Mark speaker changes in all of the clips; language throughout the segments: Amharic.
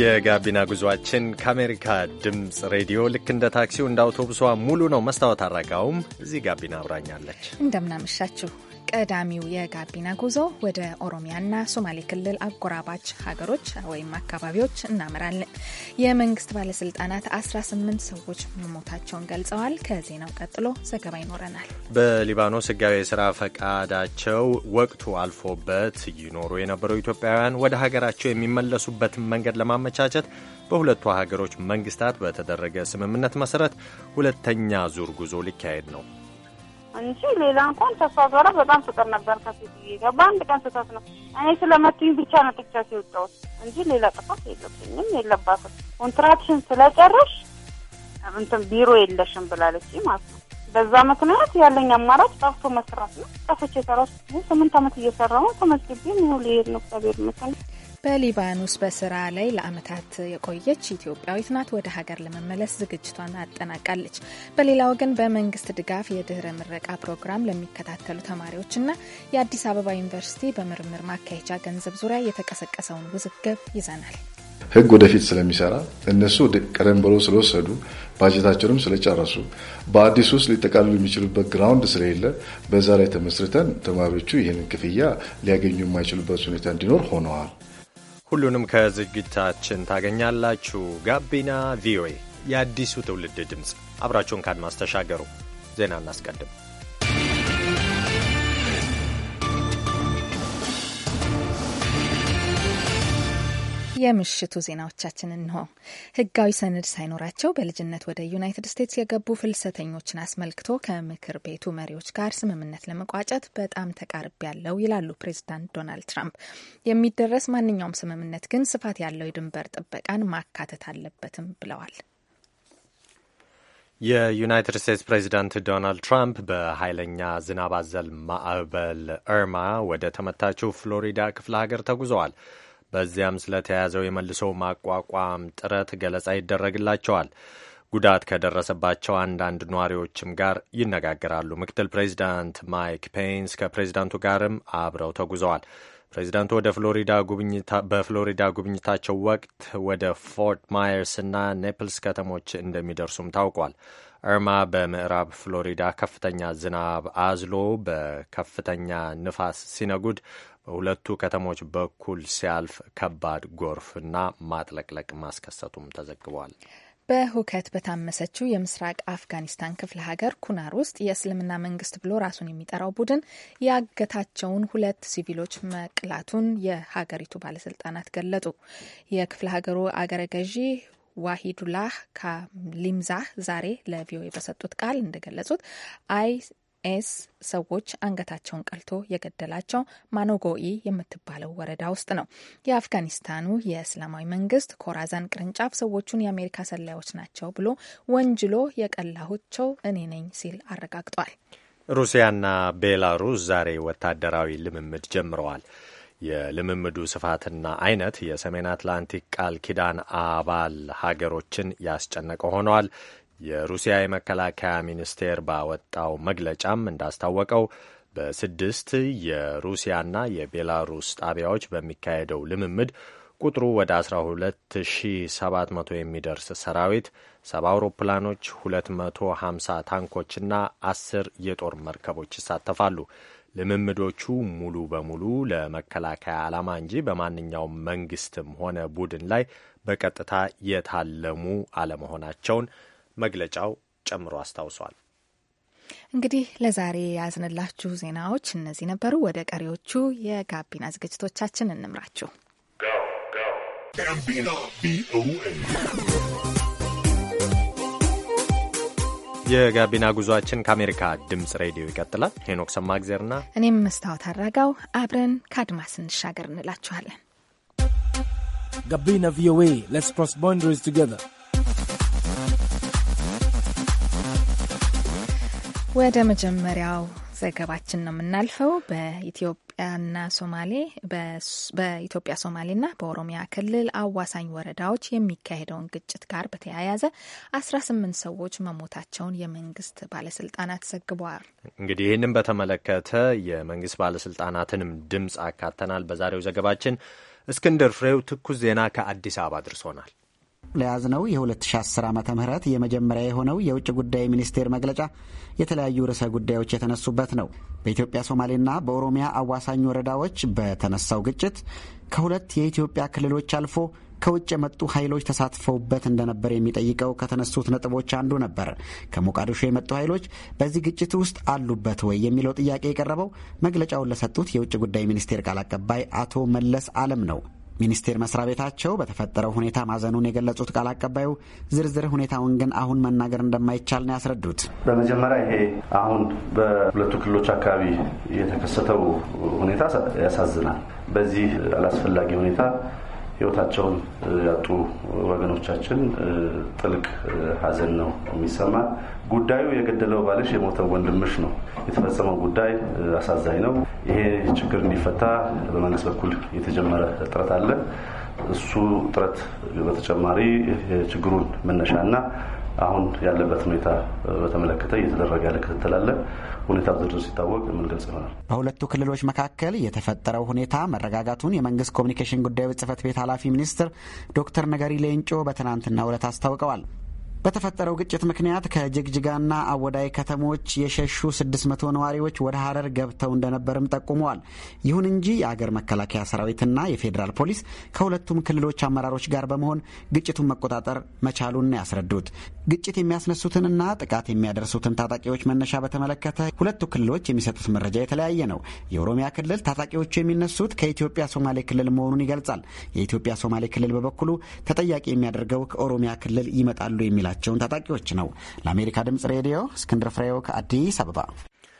Speaker 1: የጋቢና ጉዟችን ከአሜሪካ ድምፅ ሬዲዮ ልክ እንደ ታክሲው እንደ አውቶቡሷ ሙሉ ነው። መስታወት አረጋውም እዚህ ጋቢና አብራኛለች።
Speaker 2: እንደምናመሻችሁ ቀዳሚው የጋቢና ጉዞ ወደ ኦሮሚያና ሶማሌ ክልል አጎራባች ሀገሮች ወይም አካባቢዎች እናመራለን። የመንግስት ባለስልጣናት 18 ሰዎች መሞታቸውን ገልጸዋል። ከዜናው ቀጥሎ ዘገባ ይኖረናል።
Speaker 1: በሊባኖስ ህጋዊ የስራ ፈቃዳቸው ወቅቱ አልፎበት ይኖሩ የነበሩ ኢትዮጵያውያን ወደ ሀገራቸው የሚመለሱበትን መንገድ ለማመቻቸት በሁለቱ ሀገሮች መንግስታት በተደረገ ስምምነት መሰረት ሁለተኛ ዙር ጉዞ ሊካሄድ ነው።
Speaker 3: እንጂ ሌላ እንኳን ተስፋ ጋራ በጣም ፍቅር ነበር ከሴትዬ ጋር። በአንድ ቀን ስህተት ነው። እኔ ስለመቱኝ ብቻ ነው ጥቻት የወጣሁት እንጂ ሌላ ጥፋት የለብኝም የለባትም። ኮንትራክሽን ስለጨረሽ እንትን ቢሮ የለሽም ብላለች ማለት ነው። በዛ ምክንያት ያለኝ
Speaker 2: አማራጭ ጠፍቶ መስራት ነው። ጠፍቼ ሰራ ስምንት አመት እየሰራሁ ተመዝግቤ ነው ሊሄድ ነው እግዚአብሔር ይመስገን። በሊባኖስ በስራ ላይ ለአመታት የቆየች ኢትዮጵያዊት ናት ወደ ሀገር ለመመለስ ዝግጅቷን አጠናቃለች። በሌላ ወገን በመንግስት ድጋፍ የድህረ ምረቃ ፕሮግራም ለሚከታተሉ ተማሪዎችና የአዲስ አበባ ዩኒቨርሲቲ በምርምር ማካሄጃ ገንዘብ ዙሪያ የተቀሰቀሰውን ውዝግብ ይዘናል።
Speaker 4: ህግ ወደፊት ስለሚሰራ እነሱ ቀደም ብሎ ስለወሰዱ ባጀታቸውንም ስለጨረሱ በአዲስ ውስጥ ሊጠቃልሉ የሚችሉበት ግራውንድ ስለሌለ በዛ ላይ ተመስርተን ተማሪዎቹ ይህንን ክፍያ ሊያገኙ የማይችሉበት ሁኔታ እንዲኖር ሆነዋል።
Speaker 1: ሁሉንም ከዝግጅታችን ታገኛላችሁ። ጋቢና ቪኦኤ፣ የአዲሱ ትውልድ ድምፅ። አብራችሁን ካድማስ ተሻገሩ። ዜና እናስቀድም።
Speaker 2: የምሽቱ ዜናዎቻችን እንሆ። ህጋዊ ሰነድ ሳይኖራቸው በልጅነት ወደ ዩናይትድ ስቴትስ የገቡ ፍልሰተኞችን አስመልክቶ ከምክር ቤቱ መሪዎች ጋር ስምምነት ለመቋጨት በጣም ተቃርብ ያለው ይላሉ ፕሬዚዳንት ዶናልድ ትራምፕ። የሚደረስ ማንኛውም ስምምነት ግን ስፋት ያለው የድንበር ጥበቃን ማካተት አለበትም ብለዋል።
Speaker 1: የዩናይትድ ስቴትስ ፕሬዚዳንት ዶናልድ ትራምፕ በኃይለኛ ዝናብ አዘል ማዕበል እርማ ወደ ተመታችው ፍሎሪዳ ክፍለ ሀገር ተጉዘዋል። በዚያም ስለተያዘው የመልሶ ማቋቋም ጥረት ገለጻ ይደረግላቸዋል። ጉዳት ከደረሰባቸው አንዳንድ ነዋሪዎችም ጋር ይነጋገራሉ። ምክትል ፕሬዚዳንት ማይክ ፔንስ ከፕሬዚዳንቱ ጋርም አብረው ተጉዘዋል። ፕሬዚዳንቱ ወደ ፍሎሪዳ በፍሎሪዳ ጉብኝታቸው ወቅት ወደ ፎርት ማየርስ እና ኔፕልስ ከተሞች እንደሚደርሱም ታውቋል። እርማ በምዕራብ ፍሎሪዳ ከፍተኛ ዝናብ አዝሎ በከፍተኛ ንፋስ ሲነጉድ ሁለቱ ከተሞች በኩል ሲያልፍ ከባድ ጎርፍና ማጥለቅለቅ ማስከሰቱም ተዘግቧል።
Speaker 2: በሁከት በታመሰችው የምስራቅ አፍጋኒስታን ክፍለ ሀገር ኩናር ውስጥ የእስልምና መንግስት ብሎ ራሱን የሚጠራው ቡድን ያገታቸውን ሁለት ሲቪሎች መቅላቱን የሀገሪቱ ባለስልጣናት ገለጡ። የክፍለ ሀገሩ አገረ ገዢ ዋሂዱላህ ካሊምዛህ ዛሬ ለቪኦኤ በሰጡት ቃል እንደገለጹት አይ ኤስ ሰዎች አንገታቸውን ቀልቶ የገደላቸው ማኖጎኢ የምትባለው ወረዳ ውስጥ ነው። የአፍጋኒስታኑ የእስላማዊ መንግስት ኮራዛን ቅርንጫፍ ሰዎቹን የአሜሪካ ሰላዮች ናቸው ብሎ ወንጅሎ የቀላሁቸው እኔ ነኝ ሲል አረጋግጧል።
Speaker 1: ሩሲያና ቤላሩስ ዛሬ ወታደራዊ ልምምድ ጀምረዋል። የልምምዱ ስፋትና አይነት የሰሜን አትላንቲክ ቃል ኪዳን አባል ሀገሮችን ያስጨነቀ ሆነዋል። የሩሲያ የመከላከያ ሚኒስቴር ባወጣው መግለጫም እንዳስታወቀው በስድስት የሩሲያና የቤላሩስ ጣቢያዎች በሚካሄደው ልምምድ ቁጥሩ ወደ 12700 የሚደርስ ሰራዊት፣ ሰባ አውሮፕላኖች፣ 250 ታንኮችና 10 የጦር መርከቦች ይሳተፋሉ። ልምምዶቹ ሙሉ በሙሉ ለመከላከያ ዓላማ እንጂ በማንኛውም መንግስትም ሆነ ቡድን ላይ በቀጥታ የታለሙ አለመሆናቸውን መግለጫው ጨምሮ አስታውሷል።
Speaker 2: እንግዲህ ለዛሬ ያዝንላችሁ ዜናዎች እነዚህ ነበሩ። ወደ ቀሪዎቹ የጋቢና ዝግጅቶቻችን እንምራችሁ።
Speaker 1: የጋቢና ጉዟችን ከአሜሪካ ድምጽ ሬዲዮ ይቀጥላል። ሄኖክ ሰማእግዜርና
Speaker 2: እኔም መስታወት አድረጋው አብረን ከአድማስ እንሻገር እንላችኋለን። ጋቢና ቪኦኤ ሌትስ ክሮስ ባውንደሪስ ቱጌዘር ወደ መጀመሪያው ዘገባችን ነው የምናልፈው። በኢትዮጵያና ሶማሌ በኢትዮጵያ ሶማሌና በኦሮሚያ ክልል አዋሳኝ ወረዳዎች የሚካሄደውን ግጭት ጋር በተያያዘ አስራ ስምንት ሰዎች መሞታቸውን የመንግስት ባለስልጣናት ዘግበዋል።
Speaker 1: እንግዲህ ይህንም በተመለከተ የመንግስት ባለስልጣናትንም ድምፅ አካተናል በዛሬው ዘገባችን። እስክንድር ፍሬው ትኩስ ዜና ከአዲስ አበባ አድርሶናል።
Speaker 5: ለያዝነው የ2010 ዓ ም የመጀመሪያ የሆነው የውጭ ጉዳይ ሚኒስቴር መግለጫ የተለያዩ ርዕሰ ጉዳዮች የተነሱበት ነው። በኢትዮጵያ ሶማሌና በኦሮሚያ አዋሳኝ ወረዳዎች በተነሳው ግጭት ከሁለት የኢትዮጵያ ክልሎች አልፎ ከውጭ የመጡ ኃይሎች ተሳትፈውበት እንደነበር የሚጠይቀው ከተነሱት ነጥቦች አንዱ ነበር። ከሞቃዲሾ የመጡ ኃይሎች በዚህ ግጭት ውስጥ አሉበት ወይ የሚለው ጥያቄ የቀረበው መግለጫውን ለሰጡት የውጭ ጉዳይ ሚኒስቴር ቃል አቀባይ አቶ መለስ አለም ነው። ሚኒስቴር መስሪያ ቤታቸው በተፈጠረው ሁኔታ ማዘኑን የገለጹት ቃል አቀባዩ ዝርዝር ሁኔታውን ግን አሁን መናገር እንደማይቻል ነው ያስረዱት። በመጀመሪያ
Speaker 4: ይሄ አሁን በሁለቱ ክልሎች አካባቢ የተከሰተው ሁኔታ ያሳዝናል። በዚህ አላስፈላጊ ሁኔታ ሕይወታቸውን ያጡ ወገኖቻችን ጥልቅ ሐዘን ነው የሚሰማ ጉዳዩ የገደለው ባልሽ የሞተው ወንድምሽ ነው። የተፈጸመው ጉዳይ አሳዛኝ ነው። ይሄ ችግር እንዲፈታ በመንግስት በኩል የተጀመረ ጥረት አለ። እሱ ጥረት በተጨማሪ የችግሩን መነሻና አሁን ያለበት ሁኔታ በተመለከተ እየተደረገ ያለ ክትትል አለ። ሁኔታ
Speaker 6: ዝርዝር ሲታወቅ የምንገልጽ ይሆናል።
Speaker 5: በሁለቱ ክልሎች መካከል የተፈጠረው ሁኔታ መረጋጋቱን የመንግስት ኮሚኒኬሽን ጉዳዮች ጽህፈት ቤት ኃላፊ ሚኒስትር ዶክተር ነገሪ ሌንጮ በትናንትናው ዕለት አስታውቀዋል። በተፈጠረው ግጭት ምክንያት ከጅግጅጋና አወዳይ ከተሞች የሸሹ 600 ነዋሪዎች ወደ ሀረር ገብተው እንደነበርም ጠቁመዋል። ይሁን እንጂ የአገር መከላከያ ሰራዊትና የፌዴራል ፖሊስ ከሁለቱም ክልሎች አመራሮች ጋር በመሆን ግጭቱን መቆጣጠር መቻሉን ያስረዱት ግጭት የሚያስነሱትንና ጥቃት የሚያደርሱትን ታጣቂዎች መነሻ በተመለከተ ሁለቱ ክልሎች የሚሰጡት መረጃ የተለያየ ነው። የኦሮሚያ ክልል ታጣቂዎቹ የሚነሱት ከኢትዮጵያ ሶማሌ ክልል መሆኑን ይገልጻል። የኢትዮጵያ ሶማሌ ክልል በበኩሉ ተጠያቂ የሚያደርገው ከኦሮሚያ ክልል ይመጣሉ የሚል የሚላቸውን ታጣቂዎች ነው። ለአሜሪካ ድምጽ ሬዲዮ እስክንድር ፍሬው ከአዲስ አበባ።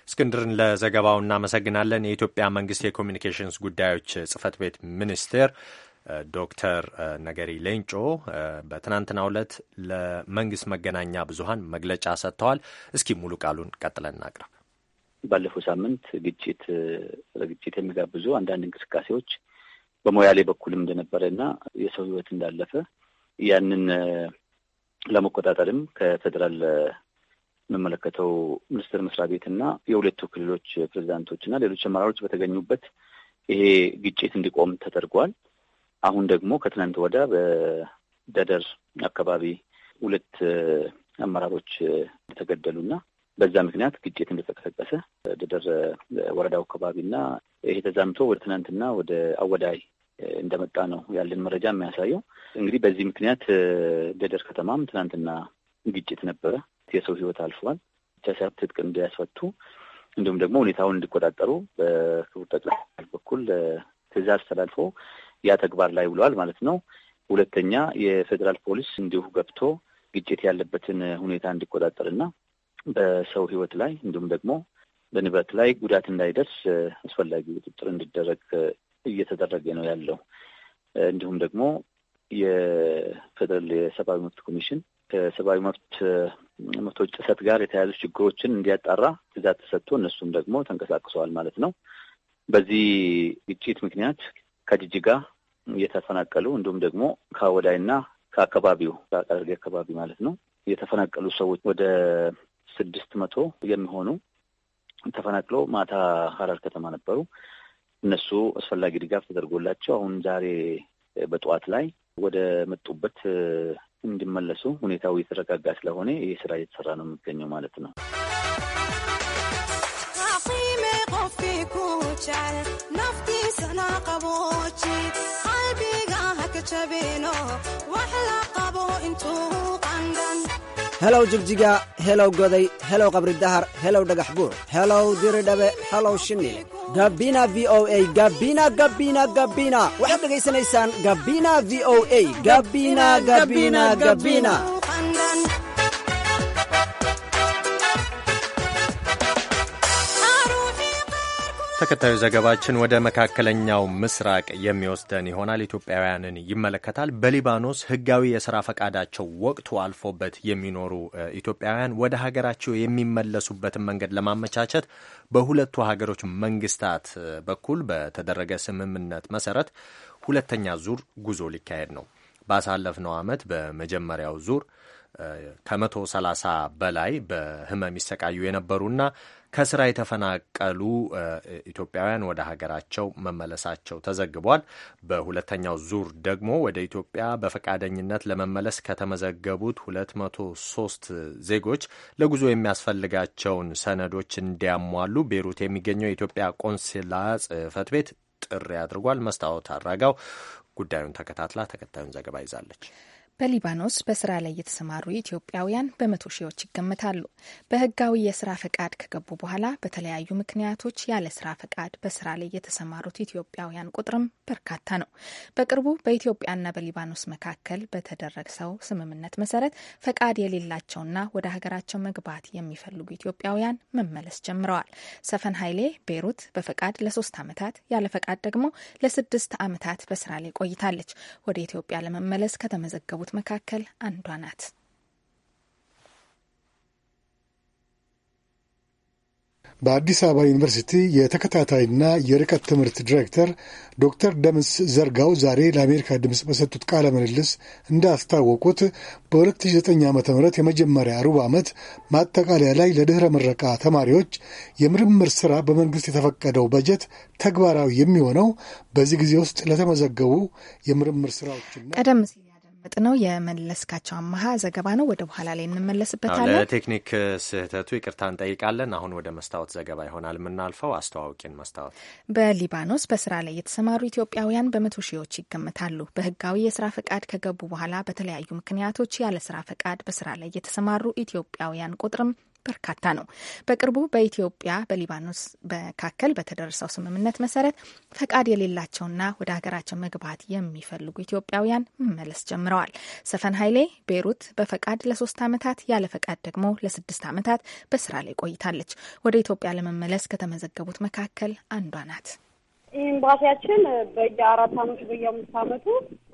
Speaker 1: እስክንድርን ለዘገባው እናመሰግናለን። የኢትዮጵያ መንግስት የኮሚኒኬሽንስ ጉዳዮች ጽህፈት ቤት ሚኒስቴር ዶክተር ነገሪ ሌንጮ በትናንትናው ዕለት ለመንግስት መገናኛ ብዙሀን መግለጫ ሰጥተዋል። እስኪ ሙሉ ቃሉን ቀጥለን እናቅርብ።
Speaker 6: ባለፈው ሳምንት ግጭት ለግጭት የሚጋብዙ አንዳንድ እንቅስቃሴዎች በሞያሌ በኩልም እንደነበረ እና የሰው ህይወት እንዳለፈ ያንን ለመቆጣጠርም ከፌዴራል የምመለከተው ሚኒስቴር መስሪያ ቤትና የሁለቱ ክልሎች ፕሬዚዳንቶችና ሌሎች አመራሮች በተገኙበት ይሄ ግጭት እንዲቆም ተደርጓል። አሁን ደግሞ ከትናንት ወዲያ በደደር አካባቢ ሁለት አመራሮች እንደተገደሉና በዛ ምክንያት ግጭት እንደተቀሰቀሰ ደደር ወረዳው አካባቢና ይሄ ተዛምቶ ወደ ትናንትና ወደ አወዳይ እንደመጣ ነው ያለን መረጃ የሚያሳየው። እንግዲህ በዚህ ምክንያት ደደር ከተማም ትናንትና ግጭት ነበረ። የሰው ህይወት አልፏል ብቻ ሳይሆን ትጥቅ እንዲያስፈቱ እንዲሁም ደግሞ ሁኔታውን እንዲቆጣጠሩ በክቡር ጠቅላይ በኩል ትዕዛዝ ተላልፎ ያ ተግባር ላይ ውለዋል ማለት ነው። ሁለተኛ የፌዴራል ፖሊስ እንዲሁ ገብቶ ግጭት ያለበትን ሁኔታ እንዲቆጣጠርና በሰው ህይወት ላይ እንዲሁም ደግሞ በንብረት ላይ ጉዳት እንዳይደርስ አስፈላጊ ቁጥጥር እንዲደረግ እየተደረገ ነው ያለው። እንዲሁም ደግሞ የፌደራል የሰብአዊ መብት ኮሚሽን ከሰብአዊ መብት መብቶች ጥሰት ጋር የተያያዙ ችግሮችን እንዲያጣራ ትእዛዝ ተሰጥቶ እነሱም ደግሞ ተንቀሳቅሰዋል ማለት ነው። በዚህ ግጭት ምክንያት ከጅጅጋ እየተፈናቀሉ እንዲሁም ደግሞ ከወዳይና ከአካባቢው ከአቃቂ አካባቢ ማለት ነው የተፈናቀሉ ሰዎች ወደ ስድስት መቶ የሚሆኑ ተፈናቅለው ማታ ሀረር ከተማ ነበሩ። እነሱ አስፈላጊ ድጋፍ ተደርጎላቸው አሁን ዛሬ በጠዋት ላይ ወደ መጡበት እንዲመለሱ ሁኔታው የተረጋጋ ስለሆነ ይህ ስራ እየተሰራ ነው የሚገኘው ማለት ነው።
Speaker 5: helow jigjiga helow goday helow qabri dahar helow dhagax buur helow diri dhabe helow shini gabina v o a gabina gabina gabina waxaad dhegaysanaysaan gabina v o a gabina gabina gabina
Speaker 1: ተከታዩ ዘገባችን ወደ መካከለኛው ምስራቅ የሚወስደን ይሆናል። ኢትዮጵያውያንን ይመለከታል። በሊባኖስ ሕጋዊ የስራ ፈቃዳቸው ወቅቱ አልፎበት የሚኖሩ ኢትዮጵያውያን ወደ ሀገራቸው የሚመለሱበትን መንገድ ለማመቻቸት በሁለቱ ሀገሮች መንግስታት በኩል በተደረገ ስምምነት መሰረት ሁለተኛ ዙር ጉዞ ሊካሄድ ነው። ባሳለፍነው ዓመት በመጀመሪያው ዙር ከመቶ ሰላሳ በላይ በህመም ይሰቃዩ የነበሩና ከስራ የተፈናቀሉ ኢትዮጵያውያን ወደ ሀገራቸው መመለሳቸው ተዘግቧል። በሁለተኛው ዙር ደግሞ ወደ ኢትዮጵያ በፈቃደኝነት ለመመለስ ከተመዘገቡት 203 ዜጎች ለጉዞ የሚያስፈልጋቸውን ሰነዶች እንዲያሟሉ ቤሩት የሚገኘው የኢትዮጵያ ቆንስላ ጽህፈት ቤት ጥሪ አድርጓል። መስታወት አራጋው ጉዳዩን ተከታትላ ተከታዩን ዘገባ ይዛለች።
Speaker 2: በሊባኖስ በስራ ላይ የተሰማሩ ኢትዮጵያውያን በመቶ ሺዎች ይገመታሉ። በህጋዊ የስራ ፈቃድ ከገቡ በኋላ በተለያዩ ምክንያቶች ያለ ስራ ፈቃድ በስራ ላይ የተሰማሩት ኢትዮጵያውያን ቁጥርም በርካታ ነው። በቅርቡ በኢትዮጵያና በሊባኖስ መካከል በተደረሰው ስምምነት መሰረት ፈቃድ የሌላቸውና ወደ ሀገራቸው መግባት የሚፈልጉ ኢትዮጵያውያን መመለስ ጀምረዋል። ሰፈን ኃይሌ ቤሩት በፈቃድ ለሶስት ዓመታት ያለ ፈቃድ ደግሞ ለስድስት አመታት በስራ ላይ ቆይታለች። ወደ ኢትዮጵያ ለመመለስ ከተመዘገቡ። ከተናገሩት መካከል አንዷ ናት።
Speaker 7: በአዲስ አበባ ዩኒቨርሲቲ የተከታታይና የርቀት ትምህርት ዲሬክተር ዶክተር ደምስ ዘርጋው ዛሬ ለአሜሪካ ድምፅ በሰጡት ቃለ ምልልስ እንዳስታወቁት በ2009 ዓ ም የመጀመሪያ ሩብ ዓመት ማጠቃለያ ላይ ለድኅረ ምረቃ ተማሪዎች የምርምር ሥራ በመንግሥት የተፈቀደው በጀት ተግባራዊ የሚሆነው በዚህ ጊዜ ውስጥ ለተመዘገቡ የምርምር ሥራዎችና
Speaker 2: ቀደም ሲል ነው የመለስካቸው አመሀ ዘገባ ነው። ወደ በኋላ ላይ እንመለስበታለን።
Speaker 1: ለቴክኒክ ስህተቱ ይቅርታ እንጠይቃለን። አሁን ወደ መስታወት ዘገባ ይሆናል የምናልፈው። አስተዋውቂን መስታወት።
Speaker 2: በሊባኖስ በስራ ላይ የተሰማሩ ኢትዮጵያውያን በመቶ ሺዎች ይገመታሉ። በህጋዊ የስራ ፈቃድ ከገቡ በኋላ በተለያዩ ምክንያቶች ያለ ስራ ፈቃድ በስራ ላይ የተሰማሩ ኢትዮጵያውያን ቁጥርም በርካታ ነው። በቅርቡ በኢትዮጵያ በሊባኖስ መካከል በተደረሰው ስምምነት መሰረት ፈቃድ የሌላቸውና ወደ ሀገራቸው መግባት የሚፈልጉ ኢትዮጵያውያን መመለስ ጀምረዋል። ሰፈን ኃይሌ ቤሩት በፈቃድ ለሶስት ዓመታት ያለ ፈቃድ ደግሞ ለስድስት ዓመታት በስራ ላይ ቆይታለች። ወደ ኢትዮጵያ ለመመለስ ከተመዘገቡት መካከል አንዷ ናት።
Speaker 3: ኤምባሲያችን በየአራት አመቱ በየአምስት አመቱ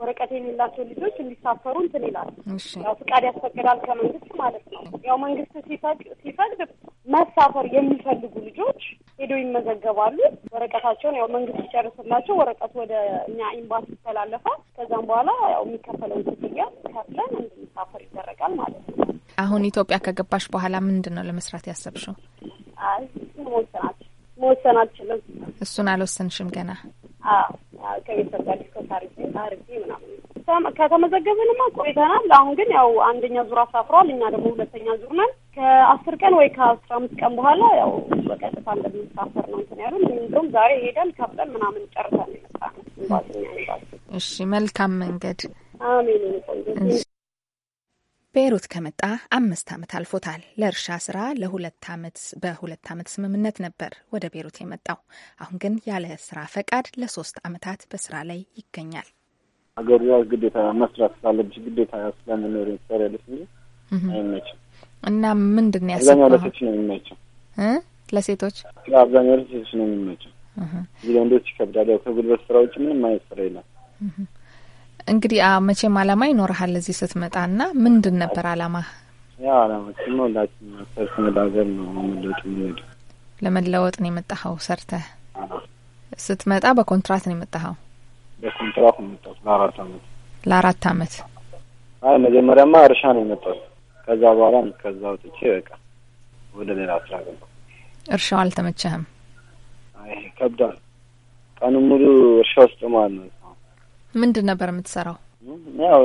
Speaker 3: ወረቀት የሌላቸው ልጆች እንዲሳፈሩ እንትን ይላል። ያው ፍቃድ ያስፈቅዳል ከመንግስት ማለት ነው። ያው መንግስት ሲፈቅድ መሳፈር የሚፈልጉ ልጆች ሄደው ይመዘገባሉ። ወረቀታቸውን ያው መንግስት ይጨርስላቸው። ወረቀቱ ወደ እኛ ኤምባሲ ይተላለፋል። ከዛም በኋላ ያው የሚከፈለውን ክፍያ ከፍለን እንድንሳፈር ይደረጋል ማለት ነው።
Speaker 2: አሁን ኢትዮጵያ ከገባሽ በኋላ ምንድን ነው ለመስራት ያሰብሽው?
Speaker 3: አይ መወሰን አልችልም።
Speaker 2: እሱን አልወሰንሽም ገና?
Speaker 3: ከቤተሰብ ጋር ከተመዘገብንማ ቆይተናል። አሁን ግን ያው አንደኛ ዙር አሳፍሯል፣ እኛ ደግሞ ሁለተኛ ዙር ነን። ከአስር ቀን ወይ ከአስራ አምስት ቀን በኋላ ያው በቀጥታ እንደምንሳፈር ነው እንትን ያሉን። እንደውም ዛሬ ይሄዳል ከብለን ምናምን ጨርሰን ይመጣ
Speaker 2: ነው። እሺ መልካም መንገድ። አሜን ቆንጆ ቤይሩት ከመጣ አምስት ዓመት አልፎታል። ለእርሻ ስራ ለሁለት ዓመት በሁለት ዓመት ስምምነት ነበር ወደ ቤይሩት የመጣው። አሁን ግን ያለ ስራ ፈቃድ ለሶስት ዓመታት በስራ ላይ ይገኛል።
Speaker 8: ሀገሩ ያ ግዴታ መስራት ስላለብሽ ግዴታ ስለምኖር ሰሪያለች እንጂ አይመችም።
Speaker 2: እና ምንድን ነው ያሰብከው? አብዛኛው ለሴቶች ነው የሚመቸው ለሴቶች
Speaker 8: አብዛኛው ለሴቶች ነው የሚመቸው። እዚህ ይከብዳል። ያው ከጉልበት ስራ ውጭ ምንም አይነት ስራ የለም።
Speaker 2: እንግዲህ መቼም አላማ ይኖርሃል እዚህ ስትመጣ እና ምንድን ነበር አላማ?
Speaker 8: ያው አላማችን ሁላችን ሰርት መላገር ነው መለወጥ የምንሄድ
Speaker 2: ለመለወጥ ነው የመጣኸው። ሰርተ ስትመጣ በኮንትራት ነው የመጣኸው?
Speaker 8: በኮንትራት ነው የመጣሁት ለአራት አመት
Speaker 2: ለአራት አመት።
Speaker 8: አይ መጀመሪያማ እርሻ ነው የመጣሁት። ከዛ በኋላ ከዛ ወጥቼ በቃ ወደ ሌላ ስራ ገባ።
Speaker 2: እርሻው አልተመቸህም?
Speaker 8: አይ ከብዳል። ቀኑ ሙሉ እርሻ ውስጥ ማለት ነው
Speaker 2: ምንድን ነበር የምትሰራው?
Speaker 8: ያው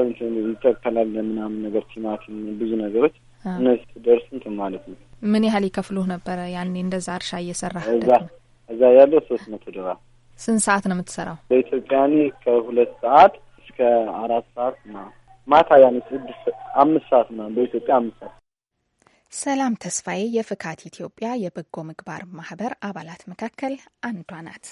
Speaker 8: ይተከላል ምናምን ነገር ቲማቲም፣ ብዙ ነገሮች እነሱ ደርስ እንትን ማለት ነው።
Speaker 2: ምን ያህል ይከፍሉህ ነበረ ያኔ እንደዛ እርሻ እየሰራ
Speaker 8: እዛ ያለው ሶስት መቶ ዶላር።
Speaker 2: ስንት ሰዓት ነው የምትሰራው?
Speaker 8: በኢትዮጵያ ከሁለት ሰዓት እስከ አራት ሰዓት ና ማታ ያኔ ስድስት አምስት ሰዓት ና በኢትዮጵያ አምስት
Speaker 2: ሰዓት ሰላም ተስፋዬ የፍካት ኢትዮጵያ የበጎ ምግባር ማህበር አባላት መካከል አንዷ ናት።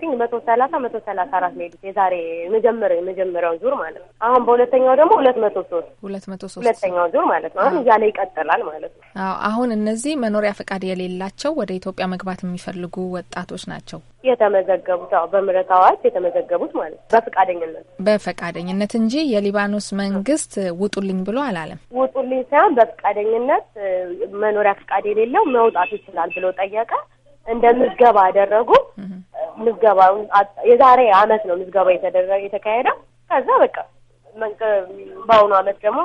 Speaker 9: ሲኝ መቶ ሰላሳ መቶ ሰላሳ አራት ነው የሄዱት የዛሬ መጀመሪያ የመጀመሪያው ዙር ማለት ነው። አሁን በሁለተኛው ደግሞ ሁለት መቶ
Speaker 2: ሶስት ሁለት መቶ ሶስት ሁለተኛው
Speaker 9: ዙር ማለት ነው። አሁን እያለ ይቀጥላል ማለት ነው።
Speaker 2: አሁን እነዚህ መኖሪያ ፈቃድ የሌላቸው ወደ ኢትዮጵያ መግባት የሚፈልጉ ወጣቶች ናቸው
Speaker 9: የተመዘገቡት። ው በምህረት አዋጅ የተመዘገቡት ማለት ነው። በፈቃደኝነት
Speaker 2: በፈቃደኝነት እንጂ የሊባኖስ መንግስት ውጡልኝ ብሎ አላለም።
Speaker 9: ውጡልኝ ሳይሆን በፈቃደኝነት መኖሪያ ፈቃድ የሌለው መውጣት ይችላል ብሎ ጠየቀ። እንደ ምዝገባ አደረጉ። ምዝገባው የዛሬ አመት ነው ምዝገባ የተደረገ የተካሄደው። ከዛ በቃ በአሁኑ አመት ደግሞ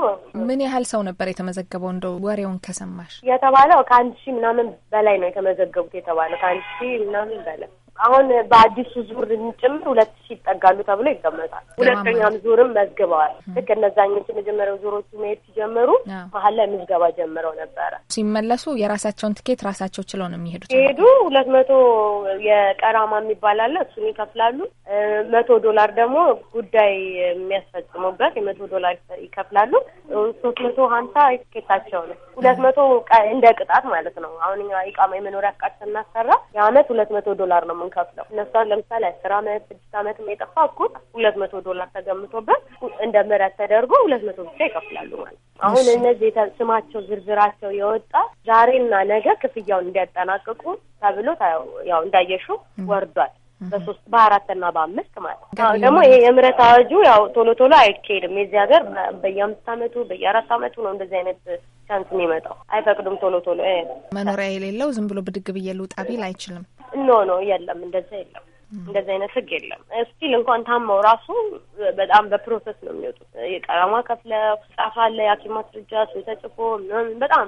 Speaker 2: ምን ያህል ሰው ነበር የተመዘገበው? እንደው ወሬውን ከሰማሽ
Speaker 9: የተባለው ከአንድ ሺህ ምናምን በላይ ነው የተመዘገቡት የተባለው ከአንድ ሺህ ምናምን በላይ አሁን በአዲሱ ዙር የሚጨምር ሁለት ሺ ይጠጋሉ ተብሎ ይገመታል። ሁለተኛም ዙርም መዝግበዋል። ልክ እነዛኞች የመጀመሪያው ዙሮቹ መሄድ ሲጀምሩ መሀል ላይ ምዝገባ ጀምረው ነበረ።
Speaker 2: ሲመለሱ የራሳቸውን ትኬት ራሳቸው ችለው ነው የሚሄዱት። ሲሄዱ
Speaker 9: ሁለት መቶ የቀራማ የሚባል አለ፣ እሱን ይከፍላሉ። መቶ ዶላር ደግሞ ጉዳይ የሚያስፈጽሙበት የመቶ ዶላር ይከፍላሉ። ሶስት መቶ ሀምሳ ትኬታቸው ነው። ሁለት መቶ እንደ ቅጣት ማለት ነው። አሁን እኛ ኢቃማ የመኖሪያ ፍቃድ ስናሰራ የአመት ሁለት መቶ ዶላር ነው የምንከፍለው። እነሷን ለምሳሌ አስር አመት ስድስት አመት የጠፋ እኩል ሁለት መቶ ዶላር ተገምቶበት እንደ ምህረት ተደርጎ ሁለት መቶ ብቻ ይከፍላሉ ማለት ነው። አሁን እነዚህ ስማቸው ዝርዝራቸው የወጣ ዛሬና ነገ ክፍያውን እንዲያጠናቅቁ ተብሎ ያው እንዳየሹ ወርዷል። በሶስት በአራት እና በአምስት ማለት ነው። ደግሞ ይሄ የምህረት አዋጁ ያው ቶሎ ቶሎ አይካሄድም። የዚህ ሀገር በየአምስት አመቱ በየአራት አመቱ ነው እንደዚህ አይነት ቻንስ የሚመጣው። አይፈቅዱም ቶሎ ቶሎ።
Speaker 2: መኖሪያ የሌለው ዝም ብሎ ብድግ ብዬ ልውጣ ቢል አይችልም።
Speaker 9: ኖ ኖ፣ የለም እንደዛ የለም። እንደዚህ አይነት ህግ የለም። ስቲል እንኳን ታመው ራሱ በጣም በፕሮሰስ ነው የሚወጡት። የቀረማ ከፍለው ጻፋለ የሐኪም ማስረጃ ተጽፎ በጣም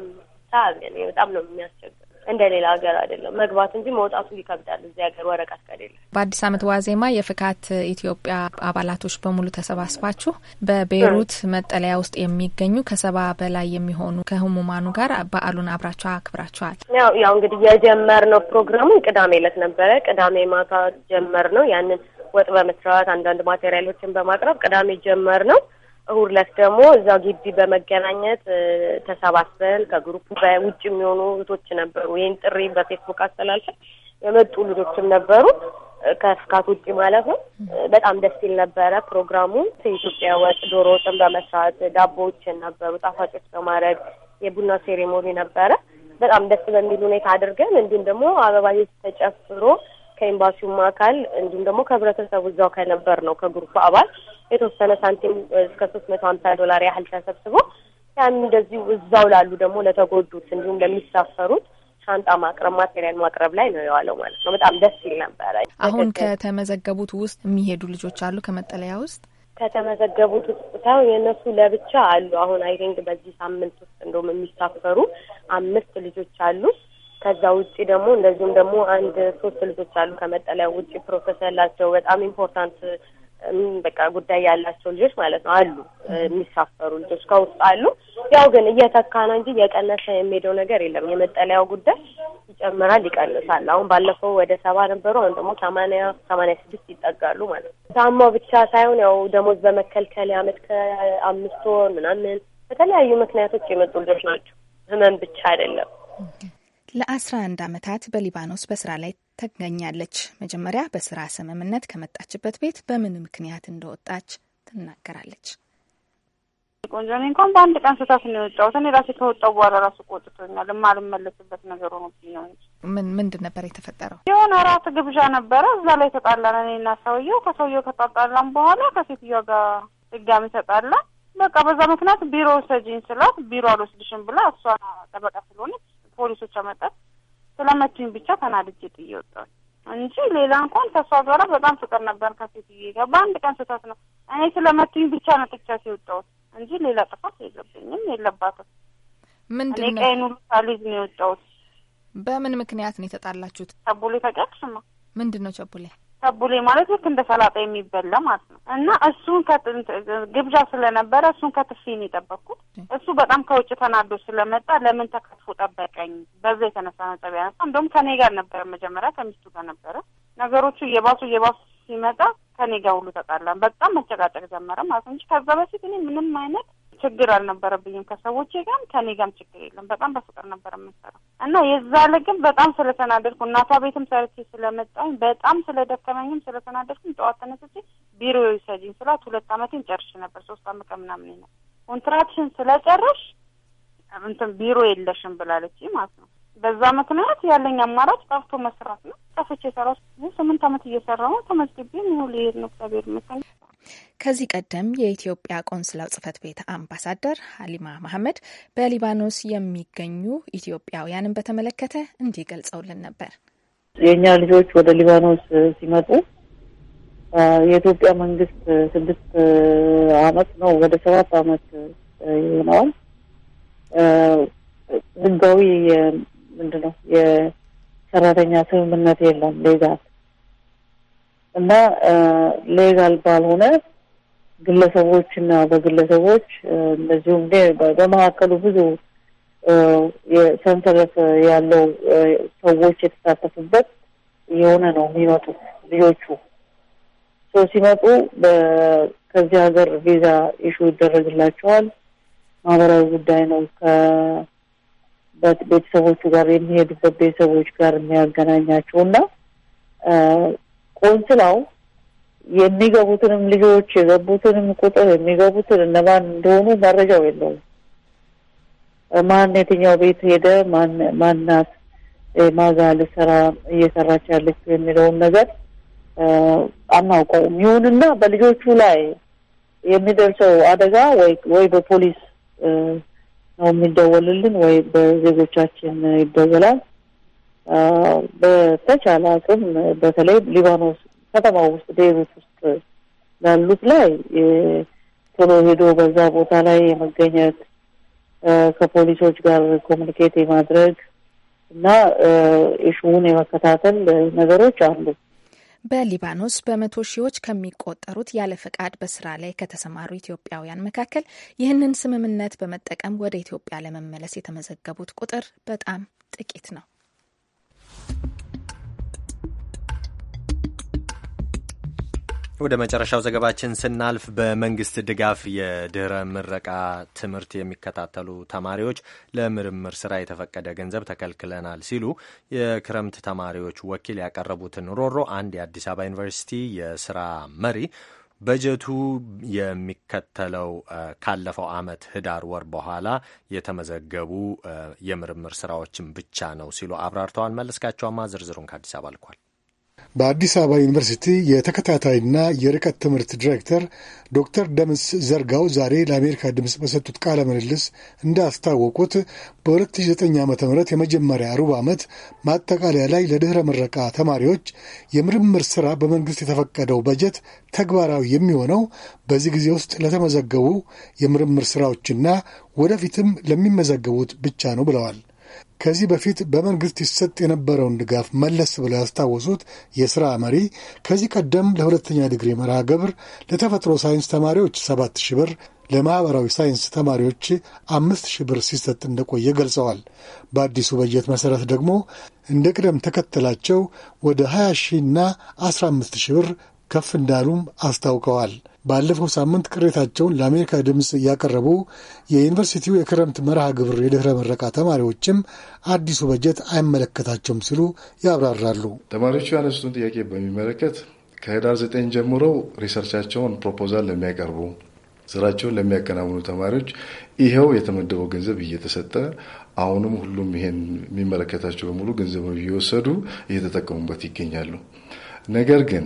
Speaker 9: ሳቢ በጣም ነው የሚያስቸግር እንደ ሌላ ሀገር አይደለም። መግባት እንጂ መውጣቱ ይከብዳል። እዚህ ሀገር ወረቀት ከሌለ።
Speaker 2: በአዲስ አመት ዋዜማ የፍካት ኢትዮጵያ አባላቶች በሙሉ ተሰባስባችሁ በቤይሩት መጠለያ ውስጥ የሚገኙ ከሰባ በላይ የሚሆኑ ከህሙማኑ ጋር በዓሉን አብራችሁ አክብራችኋል።
Speaker 9: ያው ያው እንግዲህ የጀመርነው ፕሮግራሙ ቅዳሜ ዕለት ነበረ። ቅዳሜ ማታ ጀመር ነው ያንን ወጥ በመስራት አንዳንድ ማቴሪያሎችን በማቅረብ ቅዳሜ ጀመር ነው እሑድ ዕለት ደግሞ እዛው ግቢ በመገናኘት ተሰባስበን ከግሩፕ በውጭ የሚሆኑ እህቶች ነበሩ። ይህን ጥሪ በፌስቡክ አስተላልፈ የመጡ ልጆችም ነበሩ ከፍካት ውጭ ማለት ነው። በጣም ደስ ይል ነበረ ፕሮግራሙ። የኢትዮጵያ ወጥ ዶሮ ወጥን በመስራት ዳቦዎችን ነበሩ ጣፋጮች በማድረግ የቡና ሴሬሞኒ ነበረ። በጣም ደስ በሚል ሁኔታ አድርገን እንዲሁም ደግሞ አበባዬ ተጨፍሮ ከኤምባሲውም አካል እንዲሁም ደግሞ ከህብረተሰቡ እዛው ከነበር ነው ከግሩፕ አባል የተወሰነ ሳንቲም እስከ ሶስት መቶ ሀምሳ ዶላር ያህል ተሰብስቦ ያን እንደዚሁ እዛው ላሉ ደግሞ ለተጎዱት እንዲሁም ለሚሳፈሩት ሻንጣ ማቅረብ ማቴሪያል ማቅረብ ላይ ነው የዋለው ማለት ነው። በጣም ደስ ይል ነበረ።
Speaker 2: አሁን ከተመዘገቡት ውስጥ የሚሄዱ ልጆች አሉ ከመጠለያ ውስጥ
Speaker 9: ከተመዘገቡት ውስጥ ሳይሆን የእነሱ ለብቻ አሉ። አሁን አይ ቲንክ በዚህ ሳምንት ውስጥ እንደውም የሚሳፈሩ አምስት ልጆች አሉ። ከዛ ውጭ ደግሞ እንደዚሁም ደግሞ አንድ ሶስት ልጆች አሉ ከመጠለያ ውጭ ፕሮሰስ ያላቸው በጣም ኢምፖርታንት በቃ ጉዳይ ያላቸው ልጆች ማለት ነው አሉ የሚሳፈሩ ልጆች ከውስጥ አሉ። ያው ግን እየተካ ነው እንጂ እየቀነሰ የሚሄደው ነገር የለም። የመጠለያው ጉዳይ ይጨምራል፣ ይቀንሳል። አሁን ባለፈው ወደ ሰባ ነበሩ፣ አሁን ደግሞ ሰማንያ ሰማንያ ስድስት ይጠጋሉ ማለት ነው። ታማው ብቻ ሳይሆን ያው ደሞዝ በመከልከል የዓመት ከአምስት ወር ምናምን በተለያዩ ምክንያቶች የመጡ ልጆች ናቸው። ህመም ብቻ አይደለም።
Speaker 2: ለአስራ አንድ አመታት በሊባኖስ በስራ ላይ ትገኛለች። መጀመሪያ በስራ ስምምነት ከመጣችበት ቤት በምን ምክንያት እንደወጣች ትናገራለች።
Speaker 3: ቆንጆ እኔ እንኳን በአንድ ቀን ስታት ነው የወጣሁት። እኔ ራሴ ከወጣሁ በኋላ ራሱ ቆጥቶኛል። የማልመለስበት ነገር ሆኖብኝ ነው እንጂ
Speaker 2: ምን ምንድን ነበር የተፈጠረው?
Speaker 3: የሆነ እራት ግብዣ ነበረ። እዛ ላይ ተጣላን እኔና ሰውየው። ከሰውየው ከጣጣላን በኋላ ከሴትዮዋ ጋር ድጋሚ ተጣላን። በቃ በዛ ምክንያት ቢሮ ሰጂኝ ስላት ቢሮ አልወስድሽም ብላ እሷ ጠበቃ ስለሆነች ፖሊሶች አመጣት ስለመችኝ ብቻ ተናድጄ ጥዬ ወጣሁ እንጂ ሌላ እንኳን ከእሷ ጋር በጣም ፍቅር ነበር ከሴትዬ ጋር። በአንድ ቀን ስህተት ነው። እኔ ስለመችኝ ብቻ ነው ጥቻት የወጣሁት እንጂ ሌላ ጥፋት የለብኝም የለባትም።
Speaker 2: ምንድን ነው እኔ ቀይን ሁሉ ሳልይዝ ነው የወጣሁት። በምን ምክንያት ነው የተጣላችሁት? ቸቦሌ ተጫቅሽማ ምንድን ነው ቸቦሌ
Speaker 3: ተቡሌ ማለት ልክ እንደ ሰላጣ የሚበላ ማለት ነው። እና እሱን ግብዣ ስለነበረ እሱን ከትፌ ነው የጠበቅኩት። እሱ በጣም ከውጭ ተናዶ ስለመጣ ለምን ተከትፎ ጠበቀኝ። በዛ የተነሳ ነጥብ ያነሳ። እንደውም ከኔ ጋር ነበረ መጀመሪያ፣ ከሚስቱ ጋር ነበረ። ነገሮቹ እየባሱ እየባሱ ሲመጣ ከኔ ጋር ሁሉ ተጣላን። በጣም መጨቃጨቅ ጀመረ ማለት ነው እንጂ ከዛ በፊት እኔ ምንም አይነት ችግር አልነበረብኝም። ከሰዎቼ ጋርም ከኔ ጋርም ችግር የለም። በጣም በፍቅር ነበር የምንሰራው እና የዛ ለ ግን በጣም ስለተናደድኩ እናቷ ቤትም ሰርቼ ስለመጣኝ በጣም ስለደከመኝም ስለተናደድኩም ጠዋት ተነስቼ ቢሮ ይሰጂኝ ስላት ሁለት አመቴን ጨርሼ ነበር። ሶስት አመት ከምናምን ነው ኮንትራክሽን ስለጨረሽ እንትን ቢሮ የለሽም ብላለች ማለት ነው። በዛ ምክንያት ያለኝ አማራጭ ጠፍቶ መስራት ነው። ጠፍቼ ሰራ ስምንት አመት እየሰራ ነው። ተመዝግቤ ይኸው ልሄድ ነው እግዚአብሔር ይመስገን።
Speaker 2: ከዚህ ቀደም የኢትዮጵያ ቆንስላው ጽፈት ቤት አምባሳደር ሀሊማ መሐመድ በሊባኖስ የሚገኙ ኢትዮጵያውያንን በተመለከተ እንዲህ ገልጸውልን ነበር።
Speaker 10: የእኛ ልጆች ወደ ሊባኖስ ሲመጡ የኢትዮጵያ መንግስት ስድስት አመት ነው ወደ ሰባት አመት ይሆነዋል ህጋዊ ምንድን ነው የሰራተኛ ስምምነት የለም ሌጋል እና ሌጋል ባልሆነ ግለሰቦች እና በግለሰቦች እንደዚሁም በመካከሉ ብዙ ሰንሰለት ያለው ሰዎች የተሳተፉበት የሆነ ነው የሚመጡት ልጆቹ ሰ ሲመጡ ከዚህ ሀገር ቪዛ ኢሹ ይደረግላቸዋል። ማህበራዊ ጉዳይ ነው። ከቤተሰቦቹ ጋር የሚሄዱበት ቤተሰቦች ጋር የሚያገናኛቸው እና ቆንስላው የሚገቡትንም ልጆች የገቡትንም ቁጥር የሚገቡትን እነማን እንደሆኑ መረጃው የለውም። ማን የትኛው ቤት ሄደ፣ ማናት ማዛ ልሰራ እየሰራች ያለች የሚለውን ነገር አናውቀውም። ይሁንና በልጆቹ ላይ የሚደርሰው አደጋ ወይ በፖሊስ ነው የሚደወልልን ወይ በዜጎቻችን ይደወላል። በተቻለ አቅም በተለይ ሊባኖስ ከተማው ውስጥ ቤሩት ውስጥ ላሉት ላይ ቶሎ ሄዶ በዛ ቦታ ላይ የመገኘት ከፖሊሶች ጋር ኮሚኒኬት የማድረግ እና ኢሹውን የመከታተል ነገሮች አሉ።
Speaker 2: በሊባኖስ በመቶ ሺዎች ከሚቆጠሩት ያለ ፈቃድ በስራ ላይ ከተሰማሩ ኢትዮጵያውያን መካከል ይህንን ስምምነት በመጠቀም ወደ ኢትዮጵያ ለመመለስ የተመዘገቡት ቁጥር በጣም ጥቂት ነው።
Speaker 1: ወደ መጨረሻው ዘገባችን ስናልፍ በመንግስት ድጋፍ የድህረ ምረቃ ትምህርት የሚከታተሉ ተማሪዎች ለምርምር ስራ የተፈቀደ ገንዘብ ተከልክለናል ሲሉ የክረምት ተማሪዎች ወኪል ያቀረቡትን ሮሮ አንድ የአዲስ አበባ ዩኒቨርሲቲ የስራ መሪ በጀቱ የሚከተለው ካለፈው ዓመት ህዳር ወር በኋላ የተመዘገቡ የምርምር ስራዎችን ብቻ ነው ሲሉ አብራርተዋል። መለስካቸውማ ዝርዝሩን ከአዲስ አበባ ልኳል።
Speaker 7: በአዲስ አበባ ዩኒቨርሲቲ የተከታታይና የርቀት ትምህርት ዲሬክተር ዶክተር ደምስ ዘርጋው ዛሬ ለአሜሪካ ድምፅ በሰጡት ቃለ ምልልስ እንዳስታወቁት በ2009 ዓ ም የመጀመሪያ ሩብ ዓመት ማጠቃለያ ላይ ለድኅረ ምረቃ ተማሪዎች የምርምር ሥራ በመንግሥት የተፈቀደው በጀት ተግባራዊ የሚሆነው በዚህ ጊዜ ውስጥ ለተመዘገቡ የምርምር ሥራዎችና ወደፊትም ለሚመዘገቡት ብቻ ነው ብለዋል። ከዚህ በፊት በመንግስት ይሰጥ የነበረውን ድጋፍ መለስ ብለው ያስታወሱት የሥራ መሪ ከዚህ ቀደም ለሁለተኛ ዲግሪ መርሃ ግብር ለተፈጥሮ ሳይንስ ተማሪዎች ሰባት ሺህ ብር ለማኅበራዊ ሳይንስ ተማሪዎች አምስት ሺህ ብር ሲሰጥ እንደቆየ ገልጸዋል። በአዲሱ በጀት መሠረት ደግሞ እንደ ቅደም ተከተላቸው ወደ 20 ሺህና 15 ሺህ ብር ከፍ እንዳሉም አስታውቀዋል። ባለፈው ሳምንት ቅሬታቸውን ለአሜሪካ ድምፅ ያቀረቡ የዩኒቨርሲቲው የክረምት መርሃ ግብር የድኅረ ምረቃ ተማሪዎችም አዲሱ በጀት አይመለከታቸውም ሲሉ
Speaker 4: ያብራራሉ። ተማሪዎቹ ያነሱትን ጥያቄ በሚመለከት ከህዳር ዘጠኝ ጀምሮ ሪሰርቻቸውን ፕሮፖዛል ለሚያቀርቡ ስራቸውን ለሚያከናውኑ ተማሪዎች ይኸው የተመደበው ገንዘብ እየተሰጠ አሁንም ሁሉም ይሄን የሚመለከታቸው በሙሉ ገንዘብ እየወሰዱ እየተጠቀሙበት ይገኛሉ። ነገር ግን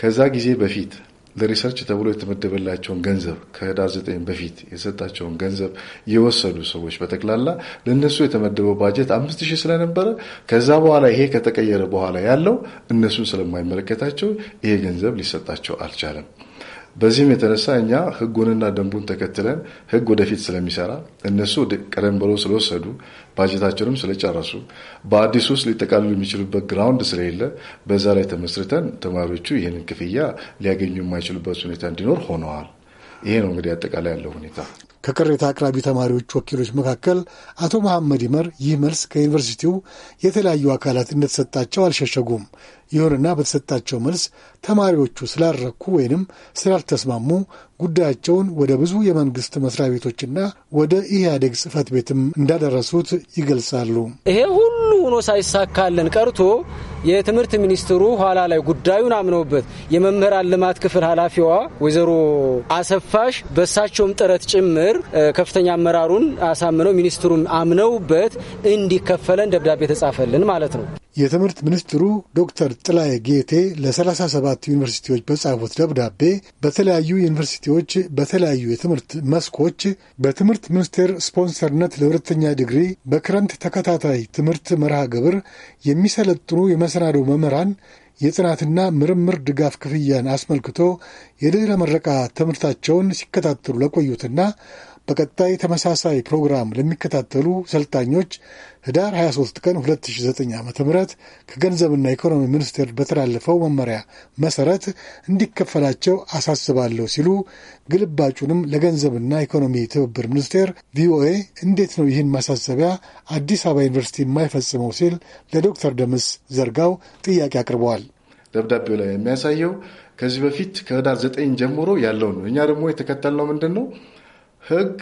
Speaker 4: ከዛ ጊዜ በፊት ለሪሰርች ተብሎ የተመደበላቸውን ገንዘብ ከህዳር ዘጠኝ በፊት የሰጣቸውን ገንዘብ የወሰዱ ሰዎች በጠቅላላ ለእነሱ የተመደበው ባጀት አምስት ሺህ ስለነበረ ከዛ በኋላ ይሄ ከተቀየረ በኋላ ያለው እነሱን ስለማይመለከታቸው ይሄ ገንዘብ ሊሰጣቸው አልቻለም። በዚህም የተነሳ እኛ ህጉንና ደንቡን ተከትለን ህግ ወደፊት ስለሚሰራ እነሱ ቀደም ብሎ ስለወሰዱ ባጀታቸውንም ስለጨረሱ በአዲሱ ውስጥ ሊጠቃልሉ የሚችሉበት ግራውንድ ስለሌለ በዛ ላይ ተመስርተን ተማሪዎቹ ይህንን ክፍያ ሊያገኙ የማይችሉበት ሁኔታ እንዲኖር ሆነዋል። ይሄ ነው እንግዲህ አጠቃላይ ያለው ሁኔታ።
Speaker 7: ከቅሬታ አቅራቢ ተማሪዎች ወኪሎች መካከል አቶ መሐመድ ይመር ይህ መልስ ከዩኒቨርሲቲው የተለያዩ አካላት እንደተሰጣቸው አልሸሸጉም። ይሁንና በተሰጣቸው መልስ ተማሪዎቹ ስላልረኩ ወይንም ስላልተስማሙ ጉዳያቸውን ወደ ብዙ የመንግስት መስሪያ ቤቶችና ወደ ኢህአዴግ ጽህፈት ቤትም እንዳደረሱት ይገልጻሉ።
Speaker 5: ይሄ ሁሉ ሆኖ ሳይሳካልን ቀርቶ የትምህርት ሚኒስትሩ ኋላ ላይ ጉዳዩን አምነውበት የመምህራን ልማት ክፍል ኃላፊዋ ወይዘሮ አሰፋሽ በእሳቸውም ጥረት ጭምር ከፍተኛ አመራሩን አሳምነው ሚኒስትሩን አምነውበት እንዲከፈለን ደብዳቤ ተጻፈልን ማለት ነው።
Speaker 7: የትምህርት ሚኒስትሩ ዶክተር ጥላይ ጌቴ ለ37 ዩኒቨርሲቲዎች በጻፉት ደብዳቤ በተለያዩ ዩኒቨርሲቲዎች በተለያዩ የትምህርት መስኮች በትምህርት ሚኒስቴር ስፖንሰርነት ለሁለተኛ ዲግሪ በክረምት ተከታታይ ትምህርት መርሃ ግብር የሚሰለጥኑ ለተሰናዶ መምህራን የጥናትና ምርምር ድጋፍ ክፍያን አስመልክቶ የድህረ ምረቃ ትምህርታቸውን ሲከታተሉ ለቆዩትና በቀጣይ ተመሳሳይ ፕሮግራም ለሚከታተሉ ሰልጣኞች ህዳር 23 ቀን 2009 ዓ ም ከገንዘብና ኢኮኖሚ ሚኒስቴር በተላለፈው መመሪያ መሰረት እንዲከፈላቸው አሳስባለሁ ሲሉ ግልባጩንም ለገንዘብና ኢኮኖሚ ትብብር ሚኒስቴር ቪኦኤ እንዴት ነው ይህን ማሳሰቢያ አዲስ አበባ ዩኒቨርሲቲ የማይፈጽመው ሲል ለዶክተር ደምስ ዘርጋው
Speaker 4: ጥያቄ አቅርበዋል። ደብዳቤው ላይ የሚያሳየው ከዚህ በፊት ከህዳር ዘጠኝ ጀምሮ ያለው ነው። እኛ ደግሞ የተከተልነው ምንድን ነው? ህግ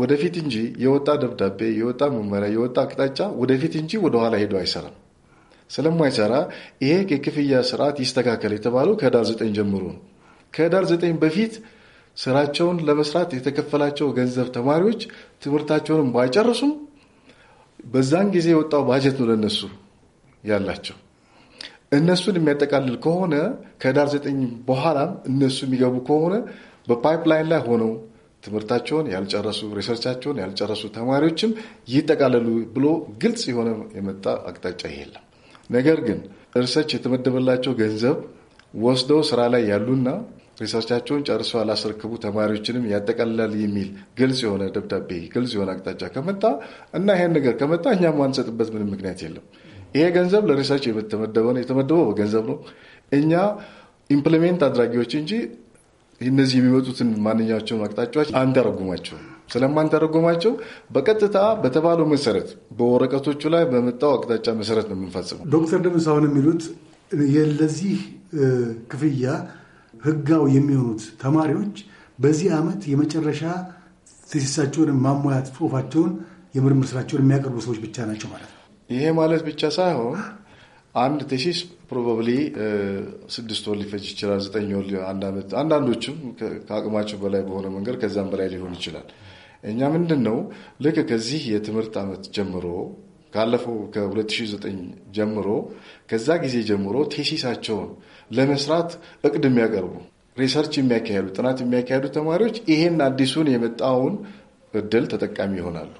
Speaker 4: ወደፊት እንጂ የወጣ ደብዳቤ፣ የወጣ መመሪያ፣ የወጣ አቅጣጫ ወደፊት እንጂ ወደኋላ ሄዶ አይሰራም። ስለማይሰራ ይሄ የክፍያ ስርዓት ይስተካከል የተባለው ከህዳር ዘጠኝ ጀምሮ ነው። ከህዳር ዘጠኝ በፊት ስራቸውን ለመስራት የተከፈላቸው ገንዘብ ተማሪዎች ትምህርታቸውንም ባይጨርሱም በዛን ጊዜ የወጣው ባጀት ነው ለነሱ ያላቸው። እነሱን የሚያጠቃልል ከሆነ ከህዳር ዘጠኝ በኋላም እነሱ የሚገቡ ከሆነ በፓይፕላይን ላይ ሆነው ትምህርታቸውን ያልጨረሱ ሪሰርቻቸውን ያልጨረሱ ተማሪዎችም ይጠቃለሉ ብሎ ግልጽ የሆነ የመጣ አቅጣጫ የለም። ነገር ግን ሪሰርች የተመደበላቸው ገንዘብ ወስደው ስራ ላይ ያሉና ሪሰርቻቸውን ጨርሰው አላስረክቡ ተማሪዎችንም ያጠቃልላል የሚል ግልጽ የሆነ ደብዳቤ፣ ግልጽ የሆነ አቅጣጫ ከመጣ እና ይሄን ነገር ከመጣ እኛም ማንሰጥበት ምንም ምክንያት የለም። ይሄ ገንዘብ ለሪሰርች የተመደበው ገንዘብ ነው። እኛ ኢምፕሊሜንት አድራጊዎች እንጂ እነዚህ የሚመጡትን ማንኛቸውን አቅጣጫዎች አንተረጉማቸውም። ስለማንተረጉማቸው በቀጥታ በተባለው መሰረት በወረቀቶቹ ላይ በመጣው አቅጣጫ መሰረት ነው የምንፈጽመው።
Speaker 7: ዶክተር ደምስ አሁን የሚሉት ለዚህ ክፍያ ህጋዊ የሚሆኑት ተማሪዎች በዚህ ዓመት የመጨረሻ ቴሲሳቸውን ማሟያት ጽሁፋቸውን የምርምር ስራቸውን የሚያቀርቡ ሰዎች ብቻ ናቸው ማለት ነው። ይሄ ማለት ብቻ ሳይሆን
Speaker 4: አንድ ቴሲስ ፕሮባብሊ ስድስት ወር ሊፈጅ ይችላል፣ ዘጠኝ ወር፣ አንድ ዓመት። አንዳንዶችም ከአቅማቸው በላይ በሆነ መንገድ ከዛም በላይ ሊሆን ይችላል። እኛ ምንድን ነው ልክ ከዚህ የትምህርት ዓመት ጀምሮ ካለፈው ከ2009 ጀምሮ ከዛ ጊዜ ጀምሮ ቴሲሳቸውን ለመስራት እቅድ የሚያቀርቡ ሪሰርች የሚያካሄዱ ጥናት የሚያካሄዱ ተማሪዎች ይሄን አዲሱን የመጣውን እድል ተጠቃሚ ይሆናሉ።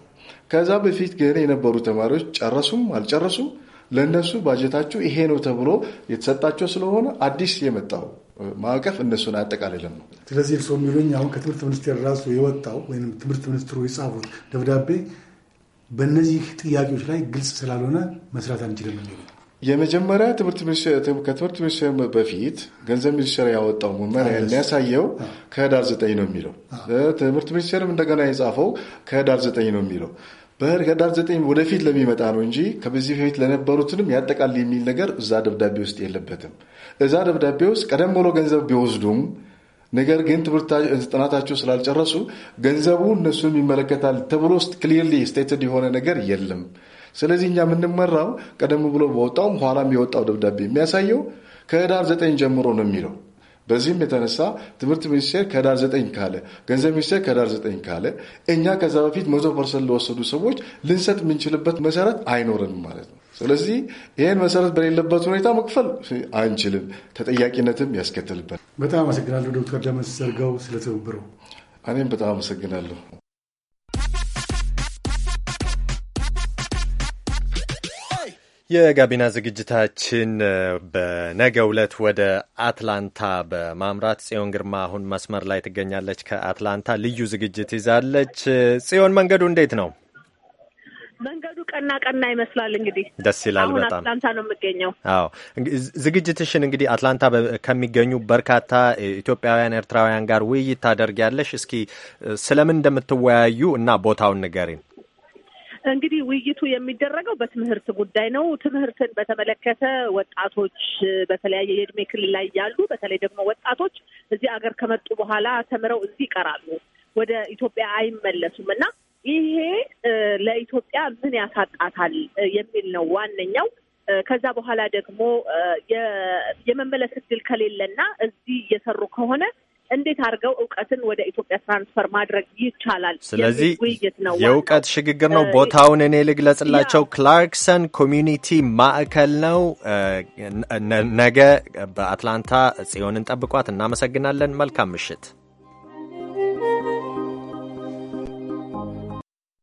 Speaker 4: ከዛ በፊት ግን የነበሩ ተማሪዎች ጨረሱም አልጨረሱም ለእነሱ ባጀታቸው ይሄ ነው ተብሎ የተሰጣቸው ስለሆነ አዲስ የመጣው ማዕቀፍ እነሱን አያጠቃልልም ነው።
Speaker 7: ስለዚህ እርስዎ የሚሉኝ አሁን ከትምህርት ሚኒስቴር ራሱ የወጣው ወይም ትምህርት ሚኒስትሩ የጻፉት ደብዳቤ በእነዚህ ጥያቄዎች ላይ ግልጽ ስላልሆነ መስራት አንችልም የሚሉ
Speaker 4: የመጀመሪያ ከትምህርት ሚኒስቴር በፊት ገንዘብ ሚኒስቴር ያወጣው መመሪያ የሚያሳየው ከህዳር ዘጠኝ ነው የሚለው ትምህርት ሚኒስቴርም እንደገና የጻፈው ከህዳር ዘጠኝ ነው የሚለው በህዳር ዘጠኝ ወደፊት ለሚመጣ ነው እንጂ ከበዚህ በፊት ለነበሩትንም ያጠቃል የሚል ነገር እዛ ደብዳቤ ውስጥ የለበትም። እዛ ደብዳቤ ውስጥ ቀደም ብሎ ገንዘብ ቢወስዱም ነገር ግን ትምህርት ጥናታቸው ስላልጨረሱ ገንዘቡ እነሱንም ይመለከታል ተብሎ ውስጥ ክሊርሊ ስቴትድ የሆነ ነገር የለም። ስለዚህ እኛ የምንመራው ቀደም ብሎ በወጣውም ኋላም የወጣው ደብዳቤ የሚያሳየው ከህዳር ዘጠኝ ጀምሮ ነው የሚለው በዚህም የተነሳ ትምህርት ሚኒስቴር ከዳር ዘጠኝ ካለ ገንዘብ ሚኒስቴር ከዳር ዘጠኝ ካለ እኛ ከዛ በፊት መቶ ፐርሰንት ለወሰዱ ሰዎች ልንሰጥ የምንችልበት መሰረት አይኖረንም ማለት ነው። ስለዚህ ይህን መሰረት በሌለበት ሁኔታ መክፈል አንችልም፣ ተጠያቂነትም ያስከትልበት።
Speaker 7: በጣም አመሰግናለሁ ዶክተር ደመስ ዘርጋው ስለትብብሩ።
Speaker 4: እኔም በጣም አመሰግናለሁ።
Speaker 1: የጋቢና ዝግጅታችን በነገ ዕለት ወደ አትላንታ በማምራት ጽዮን ግርማ አሁን መስመር ላይ ትገኛለች። ከአትላንታ ልዩ ዝግጅት ይዛለች። ጽዮን፣ መንገዱ እንዴት ነው?
Speaker 9: መንገዱ ቀና ቀና ይመስላል። እንግዲህ
Speaker 1: ደስ ይላል። በጣም አትላንታ ነው የምገኘው። አዎ ዝግጅትሽን እንግዲህ አትላንታ ከሚገኙ በርካታ ኢትዮጵያውያን ኤርትራውያን ጋር ውይይት ታደርጊያለሽ። እስኪ ስለምን እንደምትወያዩ እና ቦታውን ንገሪን።
Speaker 9: እንግዲህ ውይይቱ የሚደረገው በትምህርት ጉዳይ ነው። ትምህርትን በተመለከተ ወጣቶች በተለያየ የእድሜ ክልል ላይ ያሉ በተለይ ደግሞ ወጣቶች እዚህ አገር ከመጡ በኋላ ተምረው እዚህ ይቀራሉ፣ ወደ ኢትዮጵያ አይመለሱም እና ይሄ ለኢትዮጵያ ምን ያሳጣታል የሚል ነው ዋነኛው። ከዛ በኋላ ደግሞ የመመለስ እድል ከሌለና እዚህ እየሰሩ ከሆነ እንዴት አድርገው እውቀትን ወደ ኢትዮጵያ ትራንስፈር ማድረግ ይቻላል። ስለዚህ ውይይት ነው፣
Speaker 1: የእውቀት ሽግግር ነው። ቦታውን እኔ ልግለጽላቸው፣ ክላርክሰን ኮሚዩኒቲ ማዕከል ነው። ነገ በአትላንታ ጽዮንን ጠብቋት። እናመሰግናለን። መልካም ምሽት።